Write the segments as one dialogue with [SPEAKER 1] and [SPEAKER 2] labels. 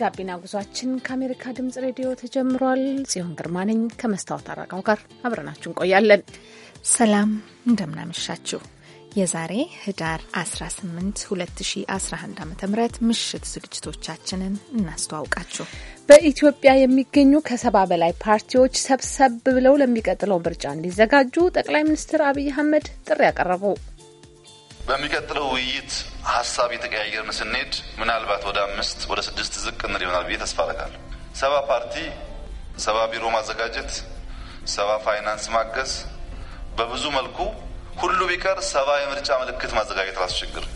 [SPEAKER 1] የጋቢና ጉዟችን ከአሜሪካ ድምጽ ሬዲዮ ተጀምሯል። ጽዮን ግርማ ነኝ ከመስታወት አረጋው ጋር አብረናችሁ እንቆያለን። ሰላም እንደምናመሻችሁ። የዛሬ ህዳር
[SPEAKER 2] 18 2011 ዓ ም ምሽት ዝግጅቶቻችንን እናስተዋውቃችሁ።
[SPEAKER 1] በኢትዮጵያ የሚገኙ ከሰባ በላይ ፓርቲዎች ሰብሰብ ብለው ለሚቀጥለው ምርጫ እንዲዘጋጁ ጠቅላይ ሚኒስትር አብይ አህመድ ጥሪ ያቀረቡ
[SPEAKER 3] በሚቀጥለው ውይይት ሀሳብ የተቀያየርን ስንሄድ ምናልባት ወደ አምስት ወደ ስድስት ዝቅ እንል ይሆናል ብዬ ተስፋ አደርጋለሁ። ሰባ ፓርቲ፣ ሰባ ቢሮ ማዘጋጀት፣ ሰባ ፋይናንስ ማገዝ፣ በብዙ መልኩ ሁሉ ቢቀር ሰባ የምርጫ ምልክት ማዘጋጀት ራሱ ችግር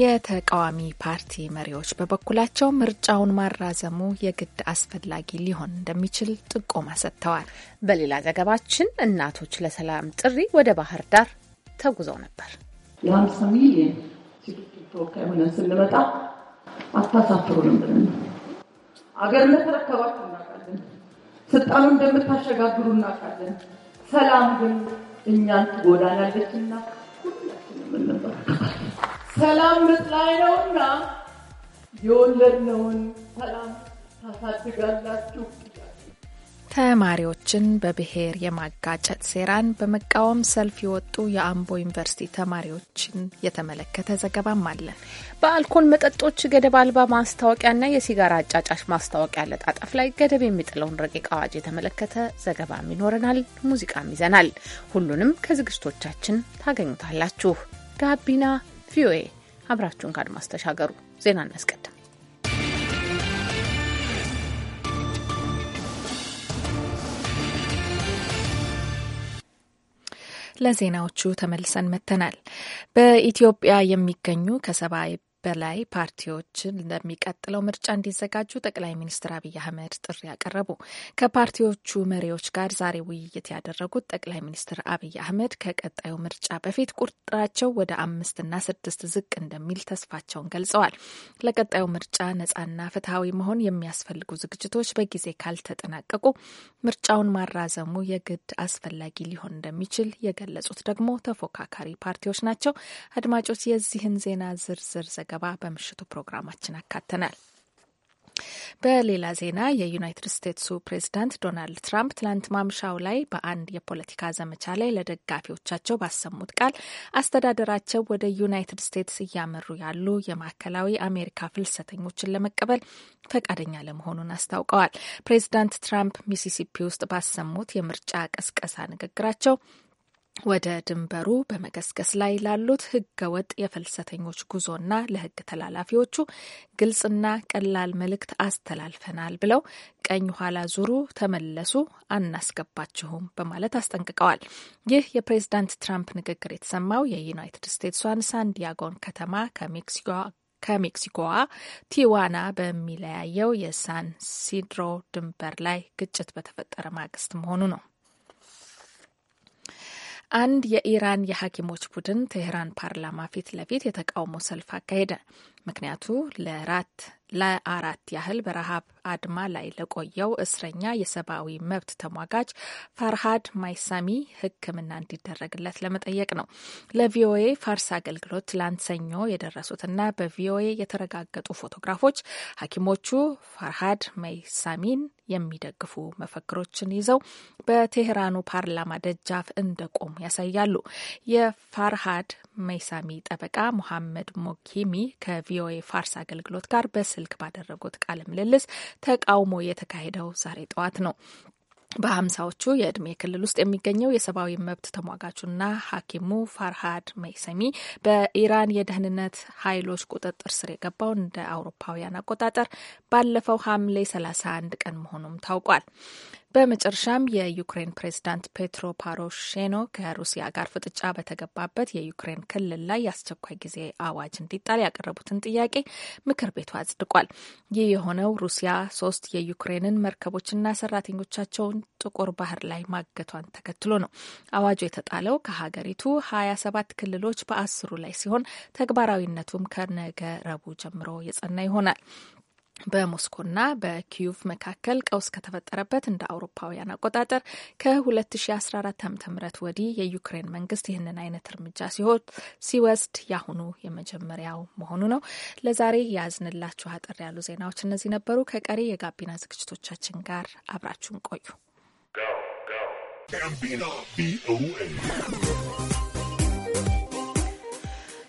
[SPEAKER 2] የተቃዋሚ ፓርቲ መሪዎች በበኩላቸው ምርጫውን ማራዘሙ
[SPEAKER 1] የግድ አስፈላጊ ሊሆን እንደሚችል ጥቆማ ሰጥተዋል። በሌላ ዘገባችን እናቶች ለሰላም ጥሪ ወደ ባህር ዳር ተጉዘው ነበር። ለሀምሳ
[SPEAKER 4] ሚሊየን ሴቶች ተወካይ ሆነ ስንመጣ
[SPEAKER 1] አታሳፍሩንም ብለን
[SPEAKER 4] አገር እንደተረከባችሁ እናውቃለን። ስልጣኑ እንደምታሸጋግሩ እናውቃለን። ሰላም ግን እኛን ትጎዳናለችና
[SPEAKER 1] ሁላችንም እንበረከባለን።
[SPEAKER 4] ሰላም ምጥ ላይ ነውና
[SPEAKER 2] የወለድነውን
[SPEAKER 1] ሰላም
[SPEAKER 4] ታሳድጋላችሁ
[SPEAKER 2] ተማሪዎችን በብሔር የማጋጨት ሴራን በመቃወም ሰልፍ የወጡ የአምቦ ዩኒቨርሲቲ ተማሪዎችን
[SPEAKER 1] የተመለከተ ዘገባም አለን። በአልኮል መጠጦች ገደብ አልባ ማስታወቂያና የሲጋራ አጫጫሽ ማስታወቂያ ለጣጠፍ ላይ ገደብ የሚጥለውን ረቂቅ አዋጅ የተመለከተ ዘገባም ይኖረናል። ሙዚቃም ይዘናል። ሁሉንም ከዝግጅቶቻችን ታገኙታላችሁ። ጋቢና ቪኦኤ አብራችሁን ከአድማስ ተሻገሩ። ዜና እናስቀድም።
[SPEAKER 2] ለዜናዎቹ ተመልሰን መጥተናል። በኢትዮጵያ የሚገኙ ከሰባ በላይ ፓርቲዎች ለሚቀጥለው ምርጫ እንዲዘጋጁ ጠቅላይ ሚኒስትር አብይ አህመድ ጥሪ ያቀረቡ። ከፓርቲዎቹ መሪዎች ጋር ዛሬ ውይይት ያደረጉት ጠቅላይ ሚኒስትር አብይ አህመድ ከቀጣዩ ምርጫ በፊት ቁጥራቸው ወደ አምስትና ስድስት ዝቅ እንደሚል ተስፋቸውን ገልጸዋል። ለቀጣዩ ምርጫ ነጻና ፍትሐዊ መሆን የሚያስፈልጉ ዝግጅቶች በጊዜ ካልተጠናቀቁ ምርጫውን ማራዘሙ የግድ አስፈላጊ ሊሆን እንደሚችል የገለጹት ደግሞ ተፎካካሪ ፓርቲዎች ናቸው። አድማጮች የዚህን ዜና ዝርዝር ዘጋ ዘገባ በምሽቱ ፕሮግራማችን አካተናል። በሌላ ዜና የዩናይትድ ስቴትሱ ፕሬዚዳንት ዶናልድ ትራምፕ ትላንት ማምሻው ላይ በአንድ የፖለቲካ ዘመቻ ላይ ለደጋፊዎቻቸው ባሰሙት ቃል አስተዳደራቸው ወደ ዩናይትድ ስቴትስ እያመሩ ያሉ የማዕከላዊ አሜሪካ ፍልሰተኞችን ለመቀበል ፈቃደኛ ለመሆኑን አስታውቀዋል። ፕሬዚዳንት ትራምፕ ሚሲሲፒ ውስጥ ባሰሙት የምርጫ ቀስቀሳ ንግግራቸው ወደ ድንበሩ በመገስገስ ላይ ላሉት ወጥ የፍልሰተኞች ጉዞና ለህግ ተላላፊዎቹ ግልጽና ቀላል መልእክት አስተላልፈናል ብለው ቀኝ ኋላ ዙሩ፣ ተመለሱ፣ አናስገባችሁም በማለት አስጠንቅቀዋል። ይህ የፕሬዝዳንት ትራምፕ ንግግር የተሰማው የዩናይትድ ስቴትሷን ሳንዲያጎን ከተማ ከሜክሲኮ ከሜክሲኮዋ ቲዋና በሚለያየው የሳን ሲድሮ ድንበር ላይ ግጭት በተፈጠረ ማግስት መሆኑ ነው። አንድ የኢራን የሐኪሞች ቡድን ቴህራን ፓርላማ ፊት ለፊት የተቃውሞ ሰልፍ አካሄደ። ምክንያቱ ለአራት ያህል በረሃብ አድማ ላይ ለቆየው እስረኛ የሰብአዊ መብት ተሟጋች ፋርሃድ ማይሳሚ ሕክምና እንዲደረግለት ለመጠየቅ ነው። ለቪኦኤ ፋርስ አገልግሎት ትላንት ሰኞ የደረሱትና በቪኦኤ የተረጋገጡ ፎቶግራፎች ሐኪሞቹ ፋርሃድ ማይሳሚን የሚደግፉ መፈክሮችን ይዘው በቴህራኑ ፓርላማ ደጃፍ እንደቆሙ ያሳያሉ። የፋርሃድ መይሳሚ ጠበቃ ሙሐመድ ሞኪሚ ከቪኦኤ ፋርስ አገልግሎት ጋር በስልክ ባደረጉት ቃለ ምልልስ ተቃውሞ የተካሄደው ዛሬ ጠዋት ነው። በሀምሳዎቹ የእድሜ ክልል ውስጥ የሚገኘው የሰብአዊ መብት ተሟጋቹና ሐኪሙ ፋርሃድ መይሰሚ በኢራን የደህንነት ኃይሎች ቁጥጥር ስር የገባው እንደ አውሮፓውያን አቆጣጠር ባለፈው ሐምሌ 31 ቀን መሆኑም ታውቋል። በመጨረሻም የዩክሬን ፕሬዝዳንት ፔትሮ ፓሮሼኖ ከሩሲያ ጋር ፍጥጫ በተገባበት የዩክሬን ክልል ላይ የአስቸኳይ ጊዜ አዋጅ እንዲጣል ያቀረቡትን ጥያቄ ምክር ቤቱ አጽድቋል። ይህ የሆነው ሩሲያ ሶስት የዩክሬንን መርከቦችና ሰራተኞቻቸውን ጥቁር ባህር ላይ ማገቷን ተከትሎ ነው። አዋጁ የተጣለው ከሀገሪቱ ሀያ ሰባት ክልሎች በአስሩ ላይ ሲሆን ተግባራዊነቱም ከነገ ረቡዕ ጀምሮ የጸና ይሆናል። በሞስኮና በኪዩቭ መካከል ቀውስ ከተፈጠረበት እንደ አውሮፓውያን አቆጣጠር ከ2014 ም ወዲህ የዩክሬን መንግስት ይህንን አይነት እርምጃ ሲሆን ሲወስድ ያሁኑ የመጀመሪያው መሆኑ ነው። ለዛሬ ያዝንላችሁ አጠር ያሉ ዜናዎች እነዚህ ነበሩ። ከቀሪ የጋቢና ዝግጅቶቻችን ጋር አብራችሁን ቆዩ።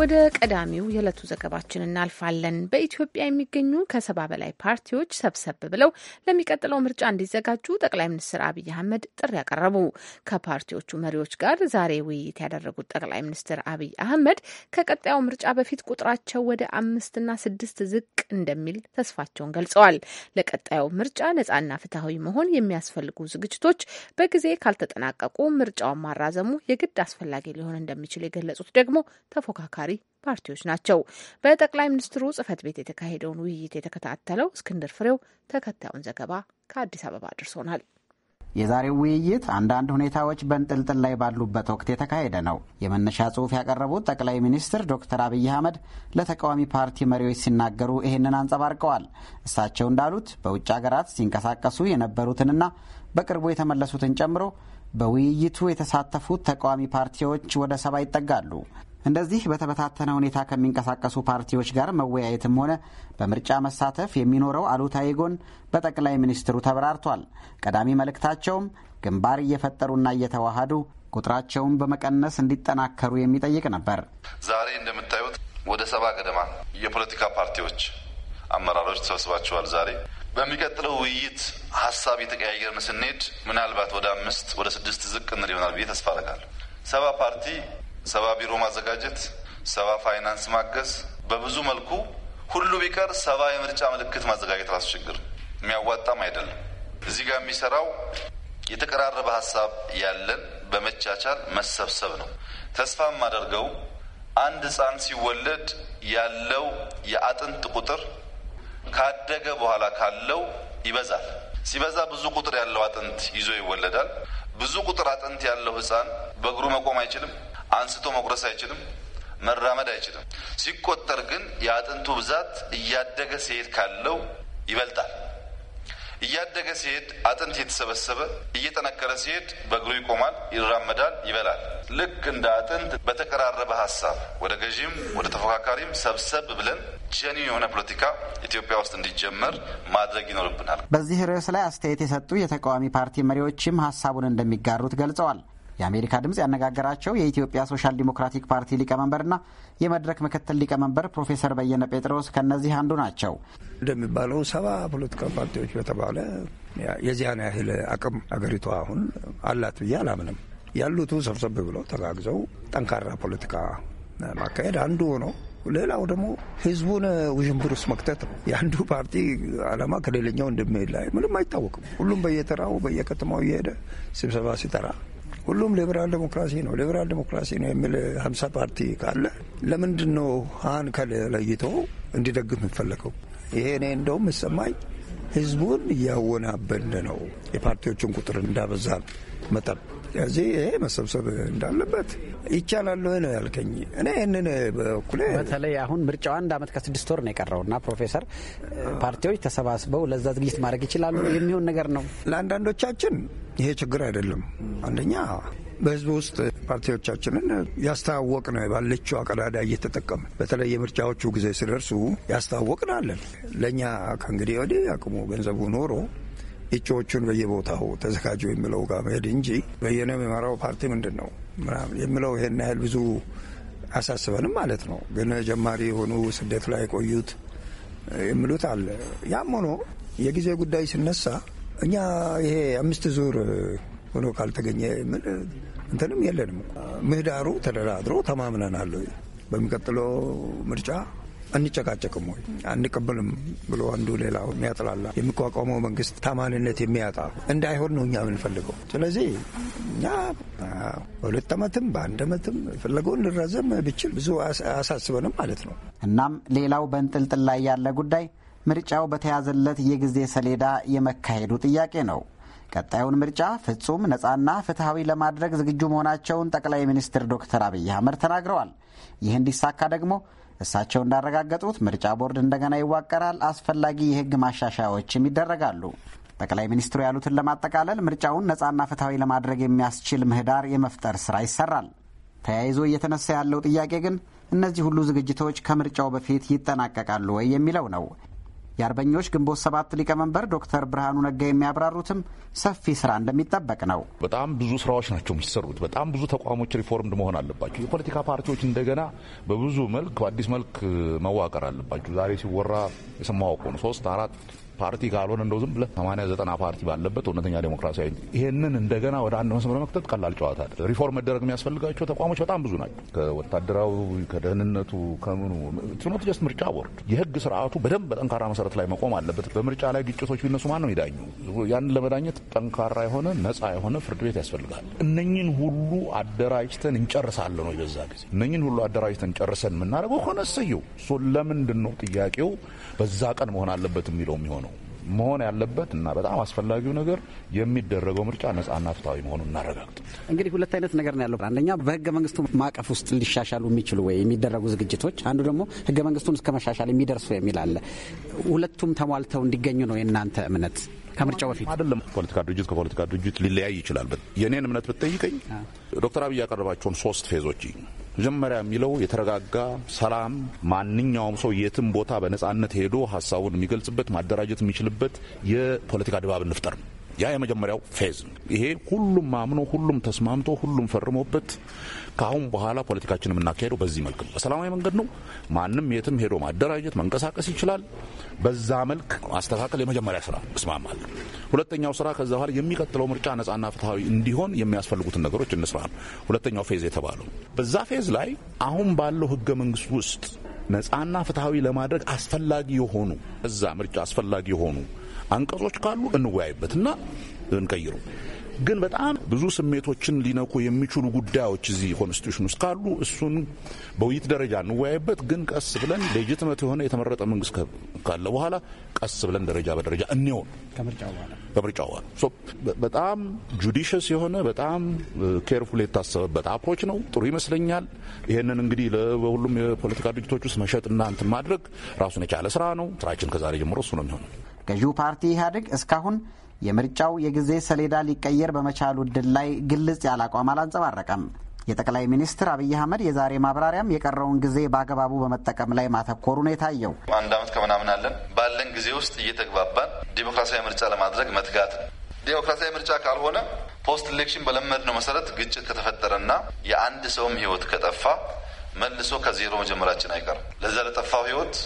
[SPEAKER 1] ወደ ቀዳሚው የዕለቱ ዘገባችን እናልፋለን። በኢትዮጵያ የሚገኙ ከሰባ በላይ ፓርቲዎች ሰብሰብ ብለው ለሚቀጥለው ምርጫ እንዲዘጋጁ ጠቅላይ ሚኒስትር አብይ አህመድ ጥሪ ያቀረቡ። ከፓርቲዎቹ መሪዎች ጋር ዛሬ ውይይት ያደረጉት ጠቅላይ ሚኒስትር አብይ አህመድ ከቀጣዩ ምርጫ በፊት ቁጥራቸው ወደ አምስትና ስድስት ዝቅ እንደሚል ተስፋቸውን ገልጸዋል። ለቀጣዩ ምርጫ ነጻና ፍትሐዊ መሆን የሚያስፈልጉ ዝግጅቶች በጊዜ ካልተጠናቀቁ ምርጫውን ማራዘሙ የግድ አስፈላጊ ሊሆን እንደሚችል የገለጹት ደግሞ ተፎካካሪ ተፎካካሪ ፓርቲዎች ናቸው። በጠቅላይ ሚኒስትሩ ጽህፈት ቤት የተካሄደውን ውይይት የተከታተለው እስክንድር ፍሬው ተከታዩን ዘገባ ከአዲስ አበባ አድርሶናል።
[SPEAKER 5] የዛሬው ውይይት አንዳንድ ሁኔታዎች በንጥልጥል ላይ ባሉበት ወቅት የተካሄደ ነው። የመነሻ ጽሑፍ ያቀረቡት ጠቅላይ ሚኒስትር ዶክተር አብይ አህመድ ለተቃዋሚ ፓርቲ መሪዎች ሲናገሩ ይህንን አንጸባርቀዋል። እሳቸው እንዳሉት በውጭ ሀገራት ሲንቀሳቀሱ የነበሩትንና በቅርቡ የተመለሱትን ጨምሮ በውይይቱ የተሳተፉት ተቃዋሚ ፓርቲዎች ወደ ሰባ ይጠጋሉ። እንደዚህ በተበታተነ ሁኔታ ከሚንቀሳቀሱ ፓርቲዎች ጋር መወያየትም ሆነ በምርጫ መሳተፍ የሚኖረው አሉታዊ ጎን በጠቅላይ ሚኒስትሩ ተብራርቷል። ቀዳሚ መልእክታቸውም ግንባር እየፈጠሩና እየተዋሃዱ ቁጥራቸውን በመቀነስ እንዲጠናከሩ የሚጠይቅ ነበር።
[SPEAKER 3] ዛሬ እንደምታዩት ወደ ሰባ ገደማ የፖለቲካ ፓርቲዎች አመራሮች ተሰብስባችኋል። ዛሬ በሚቀጥለው ውይይት ሀሳብ የተቀያየርን ስንሄድ ምናልባት ወደ አምስት ወደ ስድስት ዝቅ እንል ይሆናል ብዬ ተስፋ አደርጋለሁ። ሰባ ፓርቲ ሰባ ቢሮ ማዘጋጀት፣ ሰባ ፋይናንስ ማገዝ፣ በብዙ መልኩ ሁሉ ቢቀር ሰባ የምርጫ ምልክት ማዘጋጀት ራሱ ችግር የሚያዋጣም አይደለም። እዚህ ጋር የሚሰራው የተቀራረበ ሀሳብ ያለን በመቻቻል መሰብሰብ ነው። ተስፋ የማደርገው አንድ ህፃን ሲወለድ ያለው የአጥንት ቁጥር ካደገ በኋላ ካለው ይበዛል። ሲበዛ ብዙ ቁጥር ያለው አጥንት ይዞ ይወለዳል። ብዙ ቁጥር አጥንት ያለው ህፃን በእግሩ መቆም አይችልም። አንስቶ መቁረስ አይችልም፣ መራመድ አይችልም። ሲቆጠር ግን የአጥንቱ ብዛት እያደገ ሲሄድ ካለው ይበልጣል። እያደገ ሲሄድ አጥንት የተሰበሰበ እየጠነከረ ሲሄድ በእግሩ ይቆማል፣ ይራመዳል፣ ይበላል። ልክ እንደ አጥንት በተቀራረበ ሀሳብ ወደ ገዢም ወደ ተፎካካሪም ሰብሰብ ብለን ጀኒ የሆነ ፖለቲካ ኢትዮጵያ ውስጥ እንዲጀመር ማድረግ ይኖርብናል።
[SPEAKER 5] በዚህ ርዕስ ላይ አስተያየት የሰጡ የተቃዋሚ ፓርቲ መሪዎችም ሀሳቡን እንደሚጋሩት ገልጸዋል። የአሜሪካ ድምፅ ያነጋገራቸው የኢትዮጵያ ሶሻል ዲሞክራቲክ ፓርቲ ሊቀመንበርና የመድረክ ምክትል ሊቀመንበር ፕሮፌሰር በየነ ጴጥሮስ ከእነዚህ አንዱ ናቸው። እንደሚባለው
[SPEAKER 6] ሰባ ፖለቲካ ፓርቲዎች በተባለ የዚያን ያህል አቅም አገሪቷ አሁን አላት ብዬ አላምንም። ያሉቱ ሰብሰብ ብለው ተጋግዘው ጠንካራ ፖለቲካ ማካሄድ አንዱ ሆኖ ሌላው ደግሞ ህዝቡን ውዥንብር ውስጥ መክተት ነው። የአንዱ ፓርቲ አላማ ከሌለኛው እንደሚሄድ ላይ ምንም አይታወቅም። ሁሉም በየተራው በየከተማው እየሄደ ስብሰባ ሲጠራ ሁሉም ሊበራል ዴሞክራሲ ነው ሊበራል ዴሞክራሲ ነው የሚል ሀምሳ ፓርቲ ካለ ለምንድን ነው ሀን ከለይቶ እንዲደግፍ የሚፈለገው? ይሄ እኔ እንደውም ይሰማኝ ህዝቡን እያወናበን ነው የፓርቲዎችን ቁጥር እንዳበዛ መጠን። ስለዚህ ይሄ መሰብሰብ እንዳለበት ይቻላል ነው ያልከኝ። እኔ
[SPEAKER 5] ይህንን በኩሌ በተለይ አሁን ምርጫው አንድ አመት ከስድስት ወር ነው እና ፕሮፌሰር ፓርቲዎች ተሰባስበው ለዛ ዝግጅት ማድረግ ይችላሉ የሚሆን ነገር ነው
[SPEAKER 6] ለአንዳንዶቻችን ይሄ ችግር አይደለም። አንደኛ በህዝብ ውስጥ ፓርቲዎቻችንን ያስተዋወቅ ነው ባለችው አቀዳዳ እየተጠቀም በተለይ የምርጫዎቹ ጊዜ ሲደርሱ ያስተዋወቅናለን። ለእኛ ከእንግዲህ ወዲህ አቅሙ ገንዘቡ ኖሮ እጩዎቹን በየቦታው ተዘጋጁ የሚለው ጋር መሄድ እንጂ በየነ የሚመራው ፓርቲ ምንድን ነው ምናምን የሚለው ይሄን ያህል ብዙ አሳስበንም ማለት ነው። ግን ጀማሪ የሆኑ ስደት ላይ የቆዩት የሚሉት አለ። ያም ሆኖ የጊዜ ጉዳይ ሲነሳ እኛ ይሄ አምስት ዙር ሆኖ ካልተገኘ እንትንም የለንም። ምህዳሩ ተደራድሮ ተማምነናል። በሚቀጥለው ምርጫ አንጨቃጨቅም ወይ አንቀበልም ብሎ አንዱ ሌላ የሚያጥላላ የሚቋቋመው መንግስት ታማኒነት የሚያጣ እንዳይሆን ነው እኛ የምንፈልገው። ስለዚህ እኛ በሁለት ዓመትም በአንድ ዓመትም የፈለገውን እንድረዘም ብችል ብዙ አያሳስበንም ማለት ነው። እናም ሌላው በእንጥልጥል ላይ ያለ ጉዳይ ምርጫው
[SPEAKER 5] በተያዘለት የጊዜ ሰሌዳ የመካሄዱ ጥያቄ ነው። ቀጣዩን ምርጫ ፍጹም ነፃና ፍትሐዊ ለማድረግ ዝግጁ መሆናቸውን ጠቅላይ ሚኒስትር ዶክተር አብይ አህመድ ተናግረዋል። ይህ እንዲሳካ ደግሞ እሳቸው እንዳረጋገጡት ምርጫ ቦርድ እንደገና ይዋቀራል፣ አስፈላጊ የህግ ማሻሻያዎችም ይደረጋሉ። ጠቅላይ ሚኒስትሩ ያሉትን ለማጠቃለል ምርጫውን ነፃና ፍትሐዊ ለማድረግ የሚያስችል ምህዳር የመፍጠር ስራ ይሰራል። ተያይዞ እየተነሳ ያለው ጥያቄ ግን እነዚህ ሁሉ ዝግጅቶች ከምርጫው በፊት ይጠናቀቃሉ ወይ የሚለው ነው። የአርበኞች ግንቦት ሰባት ሊቀመንበር ዶክተር ብርሃኑ ነጋ የሚያብራሩትም ሰፊ ስራ እንደሚጠበቅ ነው። በጣም ብዙ ስራዎች ናቸው የሚሰሩት። በጣም ብዙ ተቋሞች ሪፎርምድ መሆን አለባቸው። የፖለቲካ ፓርቲዎች እንደገና
[SPEAKER 7] በብዙ መልክ በአዲስ መልክ መዋቀር አለባቸው። ዛሬ ሲወራ የሰማው እኮ ነው ሶስት አራት ፓርቲ ካልሆነ እንደው ዝም ብለህ 80 ዘጠና ፓርቲ ባለበት እውነተኛ ዴሞክራሲያዊ ይህንን እንደገና ወደ አንድ መስመር መክተት ቀላል ጨዋታ አይደለም። ሪፎርም መደረግ የሚያስፈልጋቸው ተቋሞች በጣም ብዙ ናቸው። ከወታደራዊ ከደህንነቱ፣ ከምኑ ትኖት ጀስት ምርጫ ቦርድ የህግ ስርዓቱ በደንብ በጠንካራ መሰረት ላይ መቆም አለበት። በምርጫ ላይ ግጭቶች ቢነሱ ማን ነው የሚዳኙ? ያንን ለመዳኘት ጠንካራ የሆነ ነጻ የሆነ ፍርድ ቤት ያስፈልጋል። እነኝን ሁሉ አደራጅተን እንጨርሳለን ነው የበዛ ጊዜ እነኝን ሁሉ አደራጅተን ጨርሰን የምናደርገው ከሆነ ሰየው ለምንድን ነው ጥያቄው በዛ ቀን መሆን አለበት የሚለው የሚሆነው መሆን ያለበት እና በጣም አስፈላጊው ነገር የሚደረገው ምርጫ ነጻና ፍትሐዊ መሆኑን እናረጋግጥ።
[SPEAKER 5] እንግዲህ ሁለት አይነት ነገር ነው ያለው። አንደኛ በህገ መንግስቱ ማዕቀፍ ውስጥ ሊሻሻሉ የሚችሉ ወይ የሚደረጉ ዝግጅቶች፣ አንዱ ደግሞ ህገ መንግስቱን እስከ መሻሻል የሚደርሱ የሚል አለ። ሁለቱም ተሟልተው እንዲገኙ ነው የእናንተ እምነት? ከምርጫው በፊት
[SPEAKER 7] አይደለም። ፖለቲካ ድርጅት ከፖለቲካ ድርጅት ሊለያይ ይችላል። የእኔን እምነት ብትጠይቀኝ ዶክተር አብይ ያቀረባቸውን ሶስት ፌዞች መጀመሪያ የሚለው የተረጋጋ ሰላም፣ ማንኛውም ሰው የትም ቦታ በነጻነት ሄዶ ሀሳቡን የሚገልጽበት ማደራጀት የሚችልበት የፖለቲካ ድባብ እንፍጠር ያ የመጀመሪያው ፌዝ። ይሄ ሁሉም አምኖ ሁሉም ተስማምቶ ሁሉም ፈርሞበት ከአሁን በኋላ ፖለቲካችን የምናካሄደው በዚህ መልክ ነው። በሰላማዊ መንገድ ነው። ማንም የትም ሄዶ ማደራጀት መንቀሳቀስ ይችላል። በዛ መልክ ማስተካከል የመጀመሪያ ስራ እስማማለሁ። ሁለተኛው ስራ ከዛ በኋላ የሚቀጥለው ምርጫ ነጻና ፍትሐዊ እንዲሆን የሚያስፈልጉትን ነገሮች እንስራ ነው ሁለተኛው ፌዝ የተባለው። በዛ ፌዝ ላይ አሁን ባለው ህገ መንግስት ውስጥ ነጻና ፍትሐዊ ለማድረግ አስፈላጊ የሆኑ እዛ ምርጫ አስፈላጊ የሆኑ አንቀጾች ካሉ እንወያይበትና እንቀይሩ። ግን በጣም ብዙ ስሜቶችን ሊነኩ የሚችሉ ጉዳዮች እዚህ ኮንስቲቱሽን ውስጥ ካሉ እሱን በውይይት ደረጃ እንወያይበት። ግን ቀስ ብለን ሌጅትመት የሆነ የተመረጠ መንግስት ካለ በኋላ ቀስ ብለን ደረጃ በደረጃ እንሆን ከምርጫ በኋላ በጣም ጁዲሽስ የሆነ በጣም ኬርፉል የታሰበበት አፕሮች ነው። ጥሩ ይመስለኛል። ይህንን እንግዲህ
[SPEAKER 5] በሁሉም የፖለቲካ ድርጅቶች ውስጥ መሸጥና እንትን ማድረግ ራሱን የቻለ ስራ ነው። ስራችን ከዛሬ ጀምሮ እሱ ነው የሚሆነው። ገዢው ፓርቲ ኢህአዴግ እስካሁን የምርጫው የጊዜ ሰሌዳ ሊቀየር በመቻሉ እድል ላይ ግልጽ ያለ አቋም አላንጸባረቀም። የጠቅላይ ሚኒስትር አብይ አህመድ የዛሬ ማብራሪያም የቀረውን ጊዜ በአግባቡ በመጠቀም ላይ ማተኮሩን የታየው።
[SPEAKER 3] አንድ አመት ከምናምን አለን። ባለን ጊዜ ውስጥ እየተግባባን ዴሞክራሲያዊ ምርጫ ለማድረግ መትጋት ነው። ዴሞክራሲያዊ ምርጫ ካልሆነ ፖስት ኢሌክሽን በለመድነው መሰረት ግጭት ከተፈጠረና የአንድ ሰውም ህይወት ከጠፋ መልሶ ከዜሮ መጀመራችን አይቀርም። ለዛ ለጠፋው ህይወት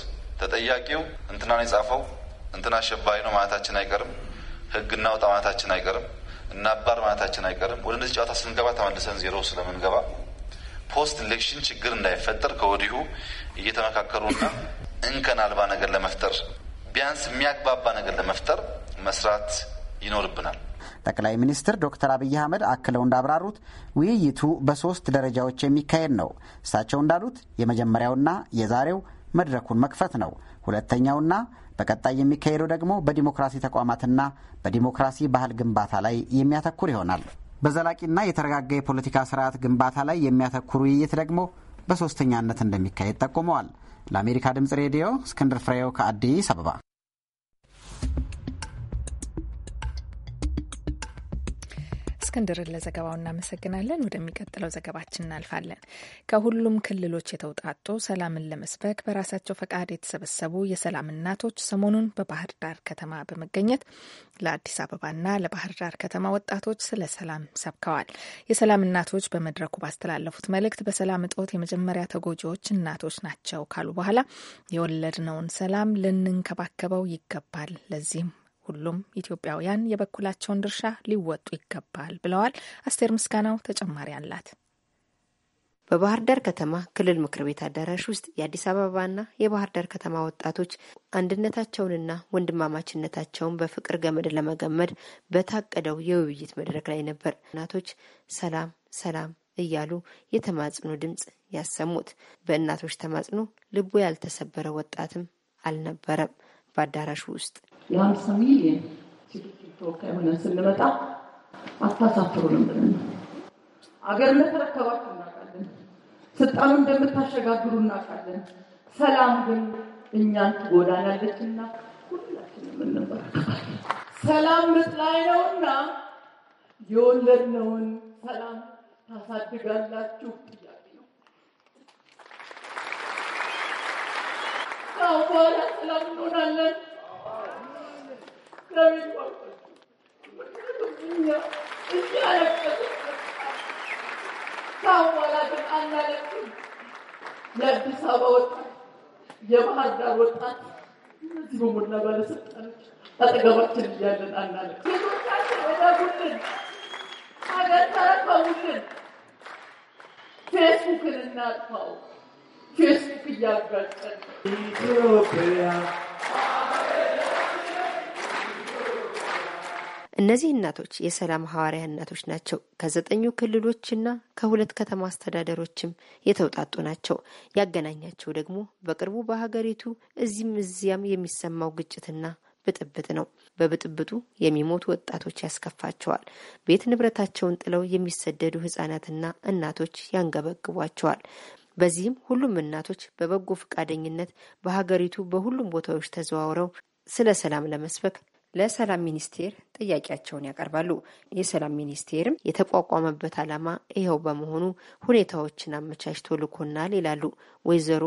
[SPEAKER 3] ተጠያቂው እንትና ነው የጻፈው እንትና አሸባሪ ነው ማለታችን አይቀርም። ህግ እናውጣ ማለታችን አይቀርም፣ እናባር ማለታችን አይቀርም። ወደ እነዚህ ጨዋታ ስንገባ ተመልሰን ዜሮ ስለምንገባ ፖስት ኢሌክሽን ችግር እንዳይፈጠር ከወዲሁ እየተመካከሩና እንከን አልባ ነገር ለመፍጠር ቢያንስ የሚያግባባ ነገር ለመፍጠር መስራት ይኖርብናል።
[SPEAKER 5] ጠቅላይ ሚኒስትር ዶክተር አብይ አህመድ አክለው እንዳብራሩት ውይይቱ በሶስት ደረጃዎች የሚካሄድ ነው። እሳቸው እንዳሉት የመጀመሪያውና የዛሬው መድረኩን መክፈት ነው። ሁለተኛውና በቀጣይ የሚካሄደው ደግሞ በዲሞክራሲ ተቋማትና በዲሞክራሲ ባህል ግንባታ ላይ የሚያተኩር ይሆናል። በዘላቂና የተረጋጋ የፖለቲካ ስርዓት ግንባታ ላይ የሚያተኩር ውይይት ደግሞ በሶስተኛነት እንደሚካሄድ ጠቁመዋል። ለአሜሪካ ድምጽ ሬዲዮ እስክንድር ፍሬው ከአዲስ አበባ
[SPEAKER 2] እስክንድርን ለዘገባው እናመሰግናለን። ወደሚቀጥለው ዘገባችን እናልፋለን። ከሁሉም ክልሎች የተውጣጡ ሰላምን ለመስበክ በራሳቸው ፈቃድ የተሰበሰቡ የሰላም እናቶች ሰሞኑን በባህር ዳር ከተማ በመገኘት ለአዲስ አበባና ለባህር ዳር ከተማ ወጣቶች ስለ ሰላም ሰብከዋል። የሰላም እናቶች በመድረኩ ባስተላለፉት መልእክት በሰላም እጦት የመጀመሪያ ተጎጂዎች እናቶች ናቸው ካሉ በኋላ የወለድነውን ሰላም ልንንከባከበው ይገባል፣ ለዚህም ሁሉም ኢትዮጵያውያን የበኩላቸውን ድርሻ ሊወጡ ይገባል ብለዋል። አስቴር ምስጋናው ተጨማሪ አላት።
[SPEAKER 8] በባህር ዳር ከተማ ክልል ምክር ቤት አዳራሽ ውስጥ የአዲስ አበባና የባህር ዳር ከተማ ወጣቶች አንድነታቸውንና ወንድማማችነታቸውን በፍቅር ገመድ ለመገመድ በታቀደው የውይይት መድረክ ላይ ነበር እናቶች ሰላም ሰላም እያሉ የተማጽኖ ድምፅ ያሰሙት። በእናቶች ተማጽኖ ልቡ ያልተሰበረ ወጣትም አልነበረም። በአዳራሹ ውስጥ የአምሳ ሚሊየን
[SPEAKER 1] ሴቶች ተወካይ ሆነን ስንመጣ አታሳፍሩንም
[SPEAKER 4] ብለን አገር እንደተረከባችሁ እናውቃለን። ስልጣኑ እንደምታሸጋግሩ እናውቃለን። ሰላም ግን እኛን ትጎዳናለችና
[SPEAKER 2] ሁላችንም እንበረከባለን።
[SPEAKER 4] ሰላም ምጥ ላይ ነውና የወለድነውን ሰላም ታሳድጋላችሁ ከአሁን በኋላ ሰላም እንሆናለን። ከአሁን የአዲስ አበባ ወጣት፣ የባህር ዳር ወጣት፣ እነዚህ
[SPEAKER 9] በሞላ ባለስልጣኖች
[SPEAKER 4] አጠገባችን እያለን አናለቅም። ሴቶቻችን እደጉልን፣ ሀገር ተረከቡልን፣ ፌስቡክን እናጥፋው። ኢትዮጵያ
[SPEAKER 8] እነዚህ እናቶች የሰላም ሐዋርያ እናቶች ናቸው። ከዘጠኙ ክልሎችና ከሁለት ከተማ አስተዳደሮችም የተውጣጡ ናቸው። ያገናኛቸው ደግሞ በቅርቡ በሀገሪቱ እዚህም እዚያም የሚሰማው ግጭትና ብጥብጥ ነው። በብጥብጡ የሚሞቱ ወጣቶች ያስከፋቸዋል። ቤት ንብረታቸውን ጥለው የሚሰደዱ ህጻናትና እናቶች ያንገበግቧቸዋል። በዚህም ሁሉም እናቶች በበጎ ፈቃደኝነት በሀገሪቱ በሁሉም ቦታዎች ተዘዋውረው ስለ ሰላም ለመስበክ ለሰላም ሚኒስቴር ጥያቄያቸውን ያቀርባሉ። የሰላም ሚኒስቴርም የተቋቋመበት ዓላማ ይኸው በመሆኑ ሁኔታዎችን አመቻችቶ ልኮናል ይላሉ ወይዘሮ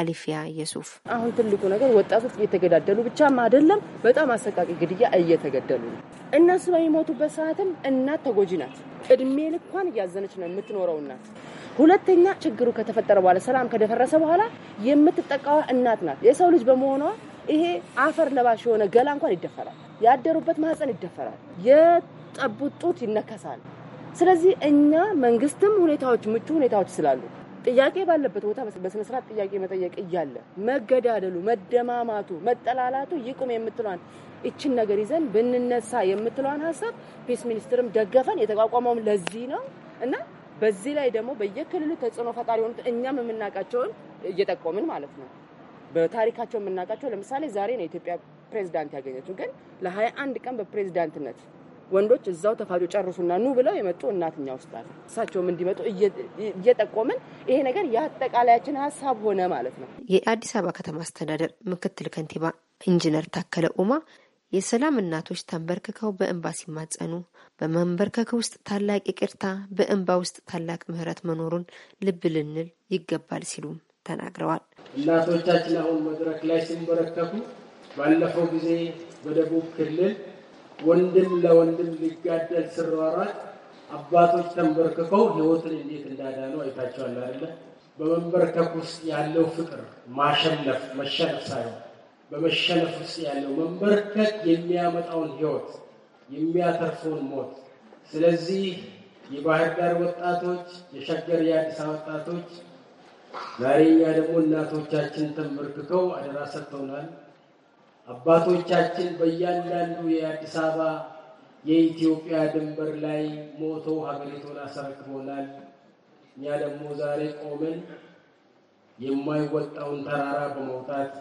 [SPEAKER 8] አሊፊያ የሱፍ።
[SPEAKER 4] አሁን ትልቁ ነገር ወጣቶች እየተገዳደሉ ብቻም አይደለም፣ በጣም አሰቃቂ ግድያ እየተገደሉ ነው። እነሱ በሚሞቱበት ሰዓትም እናት ተጎጂ ናት። እድሜ ልኳን እያዘነች ነው የምትኖረው እናት ሁለተኛ ችግሩ ከተፈጠረ በኋላ ሰላም ከደፈረሰ በኋላ የምትጠቃዋ እናት ናት። የሰው ልጅ በመሆኗ ይሄ አፈር ለባሽ የሆነ ገላ እንኳን ይደፈራል። ያደሩበት ማህፀን ይደፈራል። የጠቡት ጡት ይነከሳል። ስለዚህ እኛ መንግስትም ሁኔታዎች ምቹ ሁኔታዎች ስላሉ ጥያቄ ባለበት ቦታ በስነስርዓት ጥያቄ መጠየቅ እያለ መገዳደሉ፣ መደማማቱ፣ መጠላላቱ ይቁም የምትሏን ይችን ነገር ይዘን ብንነሳ የምትለዋን ሀሳብ ፒስ ሚኒስትርም ደገፈን። የተቋቋመውም ለዚህ ነው እና በዚህ ላይ ደግሞ በየክልሉ ተጽዕኖ ፈጣሪ የሆኑት እኛም የምናውቃቸውን እየጠቆምን ማለት ነው። በታሪካቸው የምናውቃቸው ለምሳሌ ዛሬ ነው የኢትዮጵያ ፕሬዚዳንት ያገኘችው። ግን ለ21 ቀን በፕሬዚዳንትነት ወንዶች እዛው ተፋጆ ጨርሱና ኑ ብለው የመጡ እናትኛ ውስጥ አለ እሳቸውም እንዲመጡ እየጠቆምን ይሄ ነገር የአጠቃላያችን ሀሳብ ሆነ ማለት ነው።
[SPEAKER 8] የአዲስ አበባ ከተማ አስተዳደር ምክትል ከንቲባ ኢንጂነር ታከለ ኡማ የሰላም እናቶች ተንበርክከው በእንባ ሲማጸኑ በመንበርከክ ውስጥ ታላቅ ይቅርታ፣ በእንባ ውስጥ ታላቅ ምሕረት መኖሩን ልብ ልንል ይገባል ሲሉም ተናግረዋል።
[SPEAKER 9] እናቶቻችን አሁን መድረክ ላይ ሲንበረከኩ ባለፈው ጊዜ በደቡብ ክልል ወንድም ለወንድም ሊጋደል ስሯሯጥ አባቶች ተንበርክከው ህይወትን እንዴት እንዳዳኑ አይታቸዋል አይደለ? በመንበርከክ ውስጥ ያለው ፍቅር ማሸነፍ መሸነፍ ሳይሆን በመሸነፍ ውስጥ ያለው መንበርከክ የሚያመጣውን ህይወት። የሚያተርፉን ሞት። ስለዚህ የባህር ዳር ወጣቶች፣ የሸገር የአዲስ አበባ ወጣቶች ዛሬ እኛ ደግሞ እናቶቻችን ተንበርክከው አደራ ሰጥተውናል። አባቶቻችን በእያንዳንዱ የአዲስ አበባ የኢትዮጵያ ድንበር ላይ ሞተው ሀገሪቱን አስረክበውናል። እኛ ደግሞ ዛሬ ቆመን የማይወጣውን ተራራ በመውጣት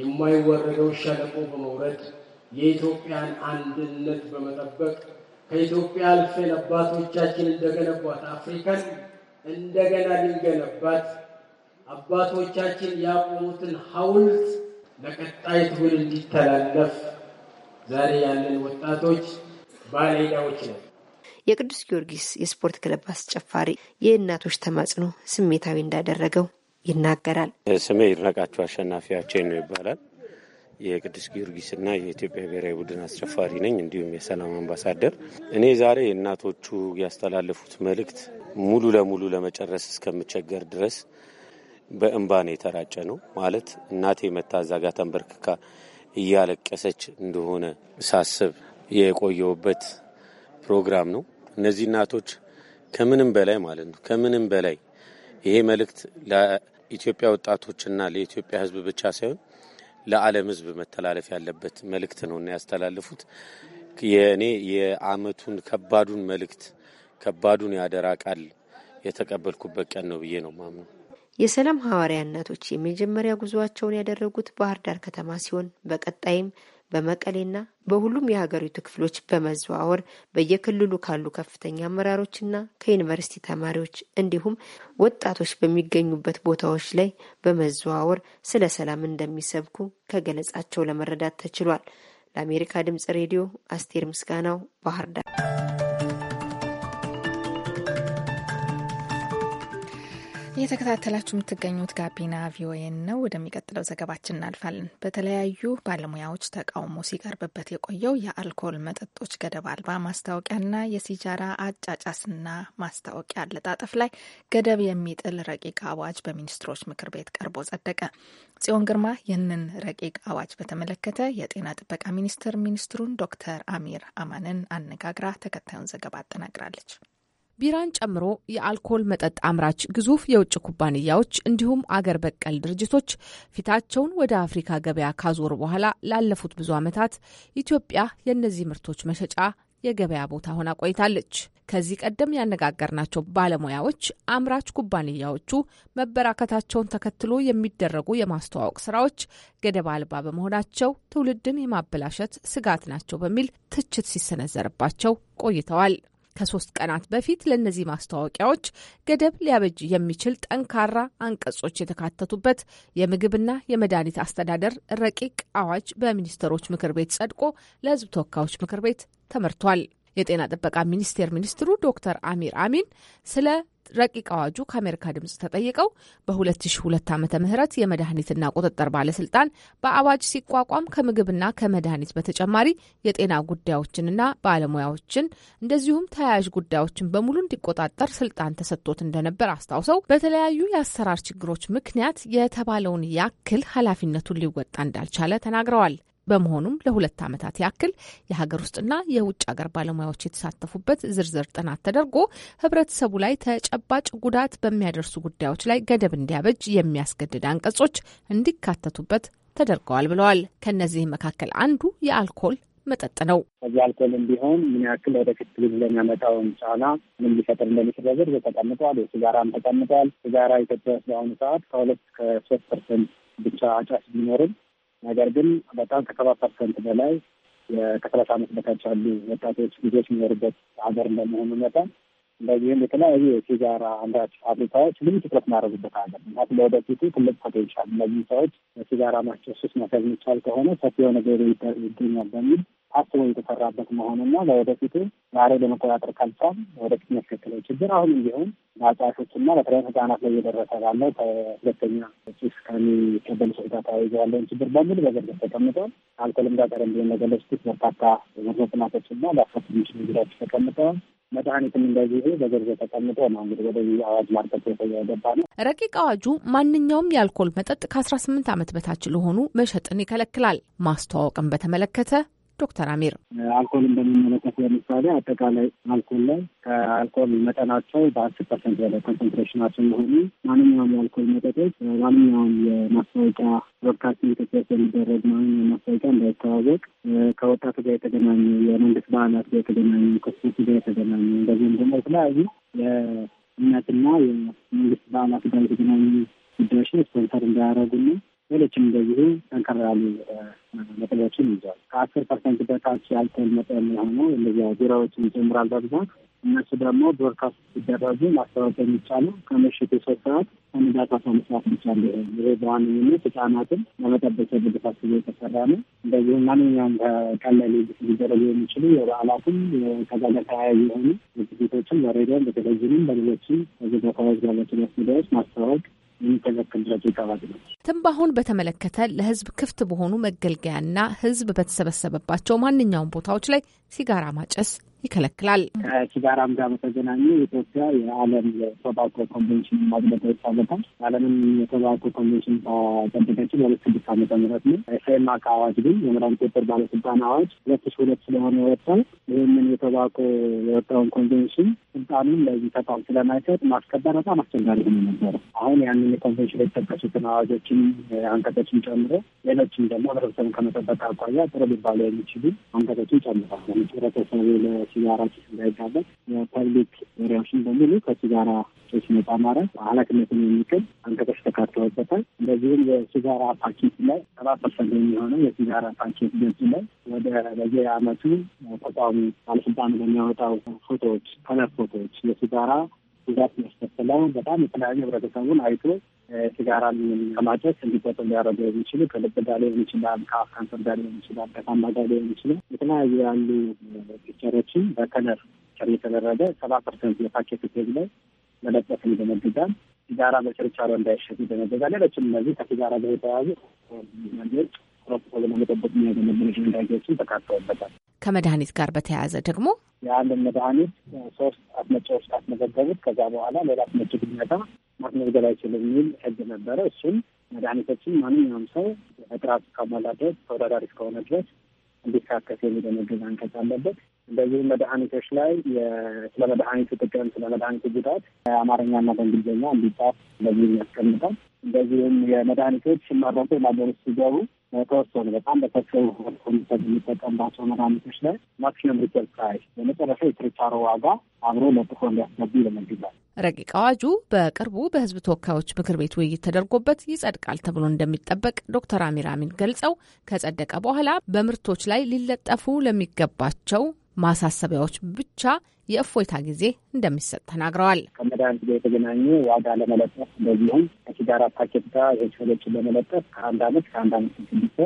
[SPEAKER 9] የማይወረደው ሸለቆ በመውረድ የኢትዮጵያን አንድነት በመጠበቅ ከኢትዮጵያ አልፈን አባቶቻችን እንደገነቧት አፍሪካን እንደገና ልንገነባት አባቶቻችን ያቆሙትን ሐውልት ለቀጣይ ትውልድ እንዲተላለፍ ዛሬ ያለን ወጣቶች ባለዳዎች ነን።
[SPEAKER 8] የቅዱስ ጊዮርጊስ የስፖርት ክለብ አስጨፋሪ የእናቶች ተማጽኖ ስሜታዊ እንዳደረገው ይናገራል።
[SPEAKER 9] ስሜ ይድነቃቸው አሸናፊያችን ነው ይባላል። የቅዱስ ጊዮርጊስና የኢትዮጵያ ብሔራዊ ቡድን አስቸፋሪ ነኝ፣ እንዲሁም የሰላም አምባሳደር። እኔ ዛሬ እናቶቹ ያስተላለፉት መልእክት ሙሉ ለሙሉ ለመጨረስ እስከምቸገር ድረስ በእንባ ነው የተራጨ ነው። ማለት እናቴ መታዛጋ ተንበርክካ እያለቀሰች እንደሆነ ሳስብ የቆየውበት ፕሮግራም ነው። እነዚህ እናቶች ከምንም በላይ ማለት ነው ከምንም በላይ ይሄ መልእክት ለኢትዮጵያ ወጣቶችና ለኢትዮጵያ ሕዝብ ብቻ ሳይሆን ለዓለም ሕዝብ መተላለፍ ያለበት መልእክት እና ያስተላልፉት የእኔ የአመቱን ከባዱን መልእክት ከባዱን ያደራ ቃል የተቀበልኩበት ቀን ነው ብዬ ነው ማምኑ።
[SPEAKER 8] የሰላም ሐዋርያ እናቶች የመጀመሪያ ጉዟቸውን ያደረጉት ባህር ዳር ከተማ ሲሆን በቀጣይም በመቀሌና በሁሉም የሀገሪቱ ክፍሎች በመዘዋወር በየክልሉ ካሉ ከፍተኛ አመራሮችና ከዩኒቨርሲቲ ተማሪዎች እንዲሁም ወጣቶች በሚገኙበት ቦታዎች ላይ በመዘዋወር ስለ ሰላም እንደሚሰብኩ ከገለጻቸው ለመረዳት ተችሏል። ለአሜሪካ ድምጽ ሬዲዮ አስቴር ምስጋናው ባህር ዳር።
[SPEAKER 2] እየተከታተላችሁ የምትገኙት ጋቢና ቪኦኤን ነው። ወደሚቀጥለው ዘገባችን እናልፋለን። በተለያዩ ባለሙያዎች ተቃውሞ ሲቀርብበት የቆየው የአልኮል መጠጦች ገደብ አልባ ማስታወቂያና የሲጃራ አጫጫስና ማስታወቂያ አለጣጠፍ ላይ ገደብ የሚጥል ረቂቅ አዋጅ በሚኒስትሮች ምክር ቤት ቀርቦ ጸደቀ። ጽዮን ግርማ ይህንን ረቂቅ አዋጅ በተመለከተ የጤና ጥበቃ ሚኒስቴር ሚኒስትሩን ዶክተር አሚር አማንን አነጋግራ ተከታዩን ዘገባ አጠናቅራለች።
[SPEAKER 1] ቢራን ጨምሮ የአልኮል መጠጥ አምራች ግዙፍ የውጭ ኩባንያዎች እንዲሁም አገር በቀል ድርጅቶች ፊታቸውን ወደ አፍሪካ ገበያ ካዞሩ በኋላ ላለፉት ብዙ ዓመታት ኢትዮጵያ የእነዚህ ምርቶች መሸጫ የገበያ ቦታ ሆና ቆይታለች። ከዚህ ቀደም ያነጋገርናቸው ባለሙያዎች አምራች ኩባንያዎቹ መበራከታቸውን ተከትሎ የሚደረጉ የማስተዋወቅ ስራዎች ገደብ አልባ በመሆናቸው ትውልድን የማበላሸት ስጋት ናቸው በሚል ትችት ሲሰነዘርባቸው ቆይተዋል። ከሶስት ቀናት በፊት ለእነዚህ ማስታወቂያዎች ገደብ ሊያበጅ የሚችል ጠንካራ አንቀጾች የተካተቱበት የምግብና የመድኃኒት አስተዳደር ረቂቅ አዋጅ በሚኒስትሮች ምክር ቤት ጸድቆ ለሕዝብ ተወካዮች ምክር ቤት ተመርቷል። የጤና ጥበቃ ሚኒስቴር ሚኒስትሩ ዶክተር አሚር አሚን ስለ ረቂቅ አዋጁ ከአሜሪካ ድምፅ ተጠይቀው በ2002 ዓመተ ምህረት የመድኃኒትና ቁጥጥር ባለስልጣን በአዋጅ ሲቋቋም ከምግብና ከመድኃኒት በተጨማሪ የጤና ጉዳዮችንና ባለሙያዎችን እንደዚሁም ተያያዥ ጉዳዮችን በሙሉ እንዲቆጣጠር ስልጣን ተሰጥቶት እንደነበር አስታውሰው በተለያዩ የአሰራር ችግሮች ምክንያት የተባለውን ያክል ኃላፊነቱን ሊወጣ እንዳልቻለ ተናግረዋል። በመሆኑም ለሁለት ዓመታት ያክል የሀገር ውስጥና የውጭ ሀገር ባለሙያዎች የተሳተፉበት ዝርዝር ጥናት ተደርጎ ህብረተሰቡ ላይ ተጨባጭ ጉዳት በሚያደርሱ ጉዳዮች ላይ ገደብ እንዲያበጅ የሚያስገድድ አንቀጾች እንዲካተቱበት ተደርገዋል ብለዋል። ከእነዚህ መካከል አንዱ የአልኮል መጠጥ ነው።
[SPEAKER 10] ከዚህ አልኮልም ቢሆን ምን ያክል ወደፊት ትግል ለሚያመጣውን ጫና ምን ሊፈጥር እንደሚስረዝር ተቀምጠዋል። የሲጋራም ተቀምጠዋል። ሲጋራ ኢትዮጵያ ውስጥ በአሁኑ ሰዓት ከሁለት ከሶስት ፐርሰንት ብቻ አጫሽ ቢኖርም ነገር ግን በጣም ከሰባ ፐርሰንት በላይ ከሰላሳ አመት በታች ያሉ ወጣቶች ልጆች የሚኖሩበት ሀገር ለመሆኑ መጠን እንደዚህም የተለያዩ የሲጋራ አምራች ፋብሪካዎች ልዩ ትኩረት ማድረጉበት ሀገር ምክንያቱም ለወደፊቱ ትልቅ ፖቴንሻል እነዚህ ሰዎች ሲጋራ ማጨሱስ ማስያዝ የሚቻል ከሆነ ሰፊ የሆነ ገቢ ይገኛል በሚል ታስቦ የተሰራበት መሆኑና ለወደፊቱ ዛሬ ለመቆጣጠር ካልቻል ወደፊት የሚያስከትለው ችግር አሁንም ቢሆን በአጫሾችና በተለያዩ ህጻናት ላይ እየደረሰ ባለው ከሁለተኛ ጭስ ከሚቀበሉ ሰዎች ጋር ተያይዞ ያለውን ችግር በሙሉ በዝርዝር ተቀምጠዋል። አልኮልም ጋር ቀደም ብዬ እንደገለጽኩት በርካታ የምርመራ ጥናቶችና ሊያስከትሉ የሚችሉ ጉዳዮች ተቀምጠዋል። መድኃኒትም እንደዚሁ በዝርዝር ተቀምጦ ነው እንግዲህ ወደ አዋጅ ማርቀቅ የገባ ነው።
[SPEAKER 1] ረቂቅ አዋጁ ማንኛውም የአልኮል መጠጥ ከአስራ ስምንት ዓመት በታች ለሆኑ መሸጥን ይከለክላል። ማስተዋወቅን በተመለከተ ዶክተር አሚር
[SPEAKER 10] አልኮልን በሚመለከት ለምሳሌ አጠቃላይ አልኮል ላይ ከአልኮል መጠናቸው በአስር ፐርሰንት በላይ ኮንሰንትሬሽናቸው የሆኑ ማንኛውም የአልኮል መጠጦች ማንኛውም የማስታወቂያ ብሮድካስቲንግ ኢትዮጵያ የሚደረግ ማንኛውም ማስታወቂያ እንዳይተዋወቅ ከወጣቱ ጋር የተገናኙ የመንግስት በዓላት ጋር የተገናኙ ከስፖርት ጋር የተገናኙ እንደዚሁም ደግሞ የተለያዩ የእምነትና የመንግስት በዓላት ጋር የተገናኙ ጉዳዮች ላይ ስፖንሰር እንዳያደረጉና ሌሎችም እንደዚሁ ጠንከር ያሉ መጠለያዎችን ይዟል። ከአስር ፐርሰንት በታች የአልኮል መጠን የሆነው እነዚያ ቢራዎችን ይጀምራል በብዛት እነሱ ደግሞ ብሮድካስት ሲደረጉ ማስታወቂያ የሚቻሉ ከምሽቱ ሶስት ሰዓት ከንጋት አስራ ሁለት ሰዓት ብቻ ይሄ በዋነኝነት ህጻናትን ለመጠበቅ የብድ ታስቦ የተሰራ ነው። እንደዚሁም ማንኛውም ከቀለል ግስ ሊደረጉ የሚችሉ የበዓላትም ከዛ ጋር ተያያዥ የሆኑ ዝግጅቶችን በሬዲዮን፣ በቴሌቪዥንም በሌሎችም በዚህ ቦታዎች ሚዲያዎች ማስታወቅ የሚከለከል ድረጃ ነው።
[SPEAKER 1] ትንባሆን በተመለከተ ለህዝብ ክፍት በሆኑ መገልገያና ህዝብ በተሰበሰበባቸው ማንኛውም ቦታዎች ላይ ሲጋራ ማጨስ ይከለክላል።
[SPEAKER 10] ከሲጋራም ጋር በተገናኘ ኢትዮጵያ የዓለም የቶባኮ ኮንቬንሽን ማግለጫ አለታል ዓለምም የቶባኮ ኮንቬንሽን ካጸደቀች በሁለት ስድስት ዓመተ ምህረት ነው። የሴማክ አዋጅ ግን የምራን ቁጥር ባለስልጣን አዋጅ ሁለት ሺ ሁለት ስለሆነ የወጣው ይህንን የቶባኮ የወጣውን ኮንቬንሽን ስልጣኑን ለዚህ ተቋም ስለማይሰጥ ማስከበር በጣም አስቸጋሪ ሆኖ ነበር። አሁን ያንን የኮንቬንሽን የተጠቀሱትን አዋጆችን አንቀጦችን ጨምሮ ሌሎችም ደግሞ ህብረተሰብን ከመጠበቅ አኳያ ጥሩ ሊባሉ የሚችሉ አንቀጾችን ጨምሯል። ህብረተሰብ ለሲጋራ ጭስ እንዳይጋለጥ የፐብሊክ ኤሪያዎችን በሙሉ ከሲጋራ ጭስ ነጻ ማድረግ ኃላፊነትን የሚቅል አንቀጾች ተካተውበታል። እንደዚሁም የሲጋራ ፓኬት ላይ ሰባ ፐርሰንት የሚሆነው የሲጋራ ፓኬት ገጽ ላይ ወደ በየአመቱ ተቃዋሚ ባለስልጣኑ በሚያወጣው ፎቶዎች፣ ከለር ፎቶዎች የሲጋራ ጉዳት የሚያስከትለው በጣም የተለያዩ ህብረተሰቡን አይቶ ሲጋራን ከማጨስ እንዲቆጠብ ሊያደርጉ የሚችሉ ከልብ ጋር ሊሆን ይችላል፣ ከአፍ ካንሰር ጋር ሊሆን ይችላል፣ ከሳምባ ጋር ሊሆን ይችላል። የተለያዩ ያሉ ፒክቸሮችን በከለር ፒክቸር የተደረገ ሰባ ፐርሰንት የፓኬት ፔጅ ላይ መለጠፍን ይደነግጋል። ሲጋራ በችርቻሮ እንዳይሸጥ ይደነግጋል። ሌሎችም እነዚህ ከሲጋራ ጋር የተያዙ ነገሮች ፕሮቶኮል ለመጠበቅ የሚያገለግሉ
[SPEAKER 1] ድንጋጌዎችን ተካተውበታል። ከመድኃኒት ጋር በተያያዘ ደግሞ
[SPEAKER 10] የአንድን መድኃኒት ሶስት አስመጪዎች ካስመዘገቡት ከዛ በኋላ ሌላ አስመጪ ግኘታ ማስመዝገብ አይችልም የሚል ህግ ነበረ። እሱም መድኃኒቶችን ማንኛውም ሰው እጥራት እስካሟላ ድረስ ተወዳዳሪ እስከሆነ ድረስ እንዲካከስ የሚደነግግ አንቀጽ አለበት። እንደዚህ መድኃኒቶች ላይ ስለ መድኃኒቱ ጥቅም፣ ስለ መድኃኒቱ ጉዳት በአማርኛና በእንግሊዝኛ እንዲጻፍ እንደዚህ ያስቀምጣል። እንደዚህም የመድኃኒቶች ሲመረቁ ወደ ሲገቡ ተወሰኑ በጣም በሰፊው የሚጠቀምባቸው መድኃኒቶች ላይ ማክሲመም ሪቴል ፕራይስ በመጨረሻ የችርቻሮ ዋጋ አብሮ ለጥፎ እንዲያስገቡ ለመግዛል
[SPEAKER 1] ረቂቅ አዋጁ በቅርቡ በሕዝብ ተወካዮች ምክር ቤት ውይይት ተደርጎበት ይጸድቃል ተብሎ እንደሚጠበቅ ዶክተር አሚር አሚን ገልጸው ከጸደቀ በኋላ በምርቶች ላይ ሊለጠፉ ለሚገባቸው ማሳሰቢያዎች ብቻ የእፎይታ ጊዜ እንደሚሰጥ ተናግረዋል።
[SPEAKER 10] ከመድኃኒት ጋር የተገናኙ ዋጋ ለመለጠፍ እንደዚሁም ከሲጋራ ፓኬት ጋር የችሎችን ለመለጠፍ ከአንድ አመት ከአንድ አመት ስድስት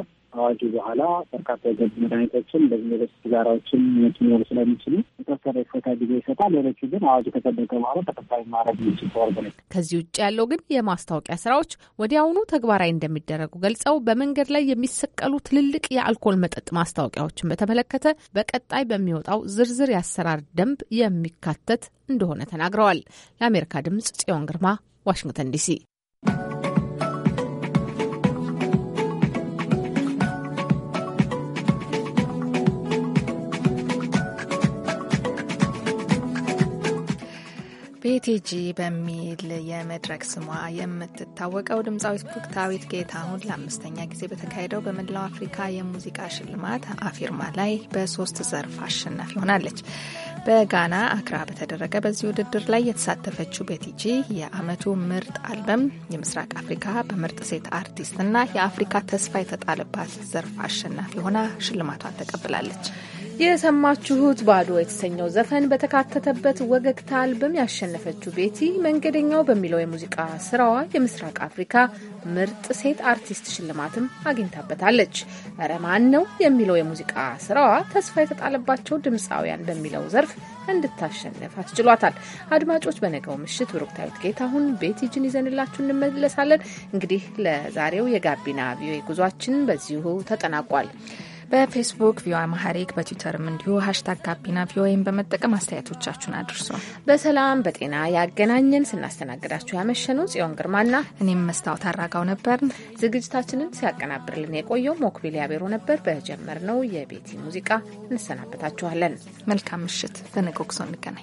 [SPEAKER 10] አዋጁ በኋላ በርካታ የገቡ መድኃኒቶችን እንደዚህ ሌሎች ሲጋራዎችን ሊኖሩ ስለሚችሉ የተወሰነ ፎታ ጊዜ ይሰጣል። ሌሎቹ ግን አዋጁ ከጸደቀ በኋላ ተከታይ ማድረግ የሚችል ተወርግ ነው።
[SPEAKER 1] ከዚህ ውጭ ያለው ግን የማስታወቂያ ስራዎች ወዲያውኑ ተግባራዊ እንደሚደረጉ ገልጸው በመንገድ ላይ የሚሰቀሉ ትልልቅ የአልኮል መጠጥ ማስታወቂያዎችን በተመለከተ በቀጣይ በሚወጣው ዝርዝር የአሰራር ደንብ የሚካተት እንደሆነ ተናግረዋል። ለአሜሪካ ድምጽ ጽዮን ግርማ ዋሽንግተን ዲሲ
[SPEAKER 2] ቤቲጂ በሚል የመድረክ ስሟ የምትታወቀው ድምፃዊት ብሩክታዊት ጌታሁን ለአምስተኛ ጊዜ በተካሄደው በመላው አፍሪካ የሙዚቃ ሽልማት አፊርማ ላይ በሶስት ዘርፍ አሸናፊ ሆናለች። በጋና አክራ በተደረገ በዚህ ውድድር ላይ የተሳተፈችው ቤቲጂ የአመቱ ምርጥ አልበም፣ የምስራቅ አፍሪካ በምርጥ ሴት አርቲስት እና የአፍሪካ ተስፋ የተጣለባት ዘርፍ አሸናፊ ሆና ሽልማቷን
[SPEAKER 1] ተቀብላለች። የሰማችሁት ባዶ የተሰኘው ዘፈን በተካተተበት ወገግታ አልበም ያሸነፈችው ቤቲ መንገደኛው በሚለው የሙዚቃ ስራዋ የምስራቅ አፍሪካ ምርጥ ሴት አርቲስት ሽልማትም አግኝታበታለች። እረ ማን ነው የሚለው የሙዚቃ ስራዋ ተስፋ የተጣለባቸው ድምፃውያን በሚለው ዘርፍ እንድታሸንፍ አስችሏታል። አድማጮች፣ በነገው ምሽት ብሩክታዊት ጌታሁን ቤቲ ይዘንላችሁ እንመለሳለን። እንግዲህ ለዛሬው የጋቢና ቪዮኤ ጉዟችን በዚሁ ተጠናቋል። በፌስቡክ
[SPEAKER 2] ቪኦኤ አማሐሪክ በትዊተርም እንዲሁ ሀሽታግ ጋቢና ቪኦኤን በመጠቀም አስተያየቶቻችሁን አድርሶ
[SPEAKER 1] በሰላም በጤና ያገናኘን። ስናስተናግዳችሁ ያመሸኑ ጽዮን ግርማና እኔም መስታወት አራጋው ነበር ዝግጅታችንን ሲያቀናብርልን የቆየው ሞክቢል ያቤሮ ነበር። ነው የቤቲ ሙዚቃ እንሰናበታችኋለን። መልካም ምሽት። በነገው ጉዞ እንገናኝ።